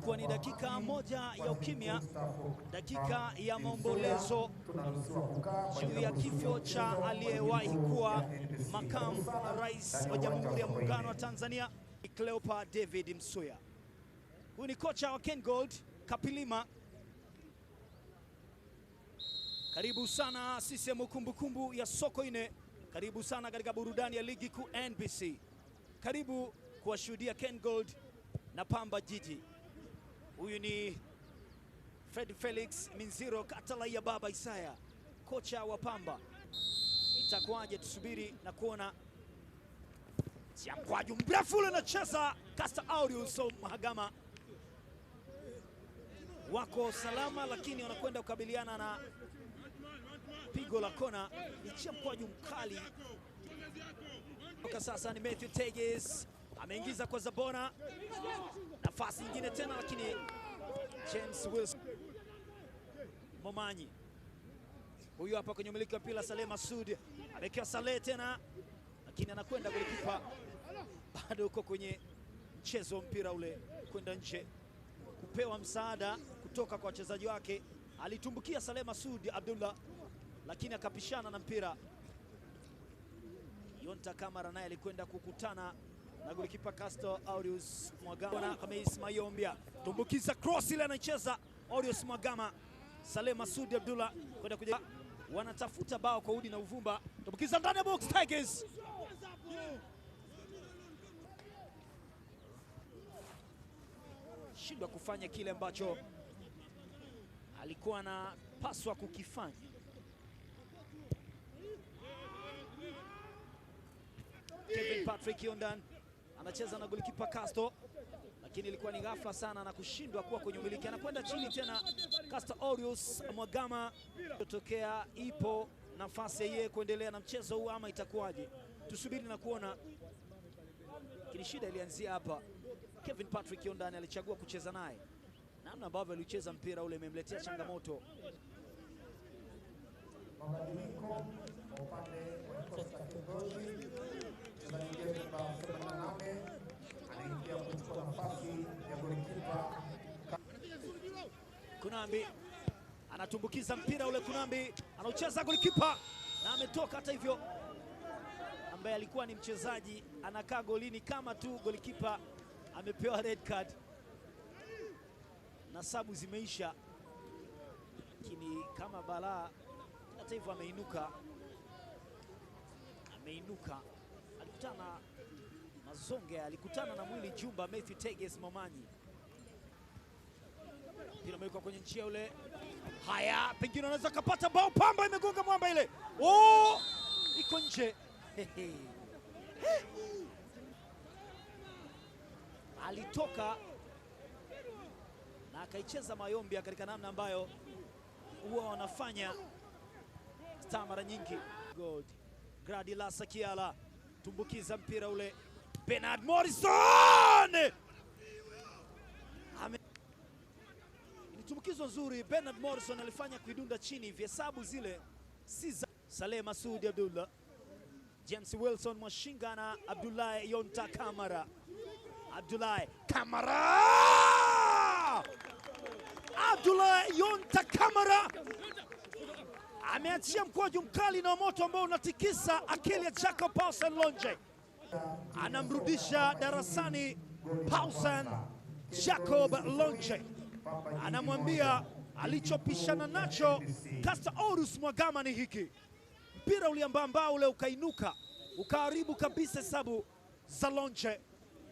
ilikuwa ni dakika moja ya ukimya, dakika ya maombolezo juu ya kifo cha aliyewahi kuwa makamu rais wa Jamhuri ya Muungano wa Tanzania Cleopa David Msuya. Huyu ni kocha wa KenGold Kapilima. Karibu sana sisemu kumbukumbu ya soko ine karibu sana katika burudani ya ligi kuu NBC, karibu kuwashuhudia KenGold na Pamba Jiji. Huyu ni Fred Felix Minziro Katala ya Baba Isaya, kocha wa Pamba. Itakuwaje? Tusubiri na kuona. Mkwaju mrefu ule anacheza Audio so Mahagama, wako salama, lakini wanakwenda kukabiliana na pigo la kona. Ni mkwaju mkali. Sasa ni Matthew Teges ameingiza kwa Zabona, nafasi nyingine tena, lakini James Wilson Momanyi huyu hapa kwenye umiliki wa mpira Saleh Masud amekiwa Saleh tena, lakini anakwenda golikipa, bado uko kwenye mchezo wa mpira ule kwenda nje kupewa msaada kutoka kwa wachezaji wake. Alitumbukia Saleh Masud Abdullah, lakini akapishana na mpira. Yonta Kamara naye alikwenda kukutana na golikipa Castro Aureus Mwagama na Khamis Mayombia, tumbukiza cross ile anacheza Aureus Mwagama. Saleh Masudi Abdullah kwenda kuja, wanatafuta bao kwa udi na uvumba, tumbukiza ndani ya box Tigers. Shindwa kufanya kile ambacho alikuwa anapaswa kukifanya. Kevin Patrick Yondan anacheza na golikipa Casto, lakini ilikuwa ni ghafla sana na kushindwa kuwa kwenye umiliki. Anakwenda chini tena Castro Aureus Mwagama. Tokea ipo nafasi yeye kuendelea na mchezo huu ama itakuwaje? Tusubiri na kuona, lakini shida ilianzia hapa. Kevin Patrick Yondani alichagua kucheza naye, namna ambavyo alicheza mpira ule imemletea changamoto Kunambi anatumbukiza mpira ule, Kunambi anaucheza golikipa na ametoka. Hata hivyo ambaye alikuwa ni mchezaji anakaa golini kama tu golikipa amepewa red card na sabu zimeisha, lakini kama balaa. Hata hivyo ameinuka, ameinuka, alikutana mazonge, alikutana na mwili Jumba Mathew Teges Momanyi mpira umewekwa kwenye njia ule. Haya, pengine anaweza kapata bao. Pamba imegonga mwamba ile, oh, iko nje alitoka na akaicheza Mayombia katika namna ambayo huwa wanafanya star mara nyingi. gradi lasa Kiala tumbukiza mpira ule, Bernard Morrison Tumbukizo nzuri Bernard Morrison alifanya kuidunda chini hivi, hesabu zile si za Saleh Masudi Abdullah, James Wilson Mwashinga na Abdullahi Yonta Kamara. Abdullahi Kamara, Abdullahi Yonta Kamara ameachia mkwaju mkali na moto ambao unatikisa akili ya Jacob Paulsen Lonje, anamrudisha darasani Paulsen Jacob Lonje anamwambia alichopishana nacho orus Mwagama ni hiki. Mpira uliambambaa ule ukainuka ukaharibu kabisa hesabu za Lonje.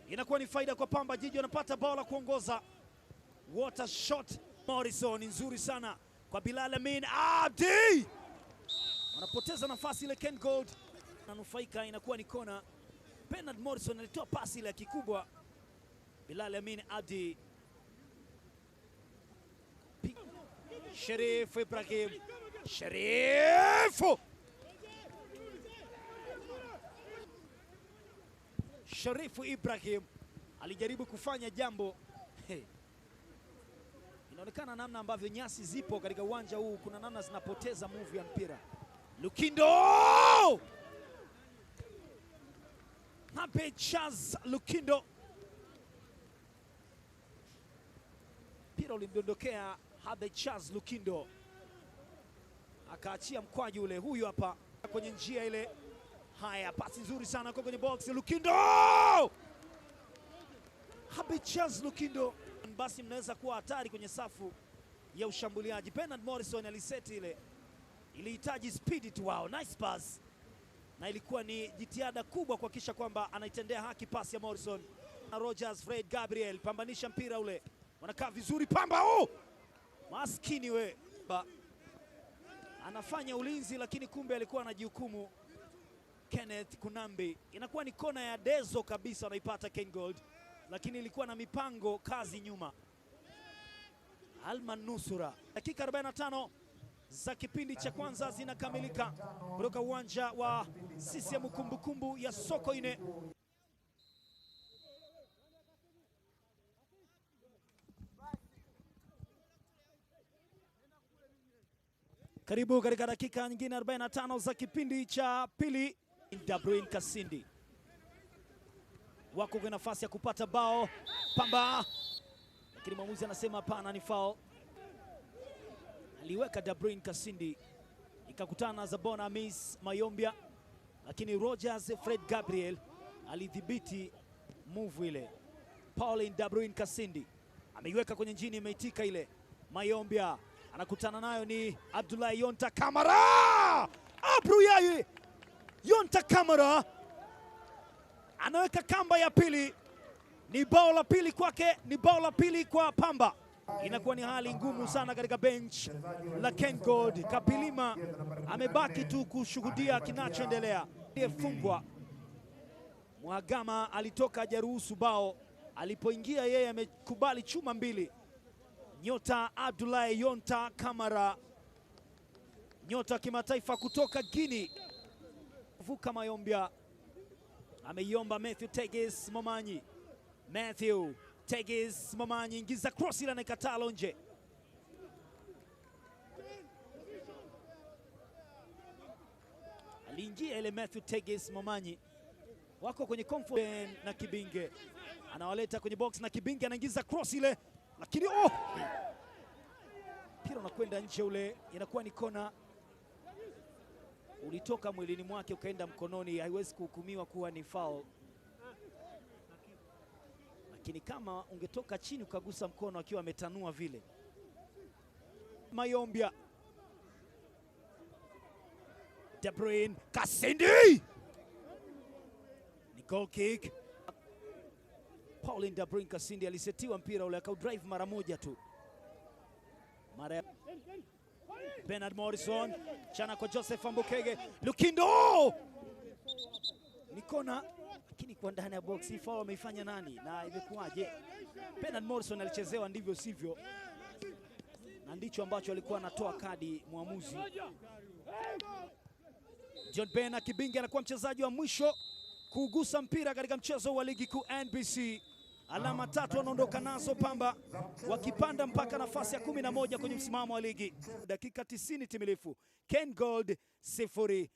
Inakuwa ni faida kwa Pamba Jiji, wanapata bao la kuongoza. Water shot Morrison nzuri sana kwa Bilal Amin Abdi, wanapoteza nafasi ile. Ken Gold ananufaika, inakuwa ni kona. Bernard Morrison alitoa pasi ile ya kikubwa. Bilal Amin Abdi Sherif Ibrahim. Sherifu Sherifu Ibrahim alijaribu kufanya jambo hey. Inaonekana namna ambavyo nyasi zipo katika uwanja huu, kuna namna zinapoteza move ya mpira. Lukindo Nape Charles Lukindo, mpira ulimdondokea Abed Charles Lukindo akaachia mkwaju ule, huyu hapa kwenye njia ile. Haya, pasi nzuri sana kwa kwenye box Lukindo, Abed Charles Lukindo, basi mnaweza kuwa hatari kwenye safu ya ushambuliaji. Bernard Morrison aliseti ile, ilihitaji speed tu wao. Nice pass na ilikuwa ni jitihada kubwa kuhakikisha kwamba anaitendea haki pasi ya Morrison na Rogers. Fred Gabriel pambanisha mpira ule, wanakaa vizuri, pamba huu Maskini we ba. Anafanya ulinzi lakini kumbe alikuwa anajihukumu. Kenneth Kunambi, inakuwa ni kona ya Dezo kabisa, anaipata Gold, lakini ilikuwa na mipango kazi nyuma. Alman Nusura, dakika 45 za kipindi cha kwanza zinakamilika kutoka uwanja wa CCM kumbukumbu ya Sokoine. Karibu katika dakika nyingine 45 za kipindi cha pili. Dabrin Kasindi wako kwa nafasi ya kupata bao pamba, lakini mwamuzi anasema hapana, ni foul. Aliweka Dabrin Kasindi ikakutana na Zabona Amis Mayombia, lakini Rogers Fred Gabriel alidhibiti move ile. Pauline Dabrin Kasindi ameiweka kwenye njini, imeitika ile Mayombia anakutana nayo ni Abdullahi Yonta Kamara. Abdullahi Yonta Kamara anaweka kamba ya pili, ni bao la pili kwake, ni bao la pili kwa Pamba. Inakuwa ni hali ngumu sana katika bench la KenGold. Kapilima amebaki tu kushuhudia kinachoendelea. Aliyefungwa Mhagama alitoka hajaruhusu bao, alipoingia yeye amekubali chuma mbili nyota Abdoulaye Yonta Kamara, nyota wa kimataifa kutoka Guinea, vuka mayombya, ameiomba Matthew Tegis Momanyi. Matthew Tegis Momanyi, ingiza cross, ila naikataa nje. Aliingia ile Matthew Tegis Momanyi, wako kwenye comfort na Kibinge, anawaleta kwenye box na Kibinge anaingiza cross ile lakini oh! mpira unakwenda nje ule, inakuwa ni kona. Ulitoka mwilini mwake ukaenda mkononi, haiwezi kuhukumiwa kuwa ni foul, lakini kama ungetoka chini ukagusa mkono akiwa ametanua vile. Mayombia De Bruyne Kasindi ni goal kick. Pauline Dabrin Kasindi alisetiwa mpira ule drive mara moja tu. Mara Bernard Morrison chana kwa Joseph Ambukege Lukindo, nikona lakini kwa ndani ya box. Hii foul ameifanya nani na imekuwaje? Bernard Morrison alichezewa ndivyo sivyo, na ndicho ambacho alikuwa anatoa kadi mwamuzi. John Bena Kibinge anakuwa mchezaji wa mwisho kugusa mpira katika mchezo wa ligi kuu NBC alama tatu wanaondoka nazo Pamba wakipanda mpaka nafasi ya kumi na moja kwenye msimamo wa ligi. Dakika tisini timilifu, Ken Gold sifuri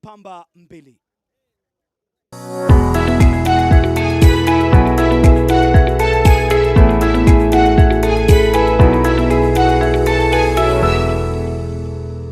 Pamba mbili.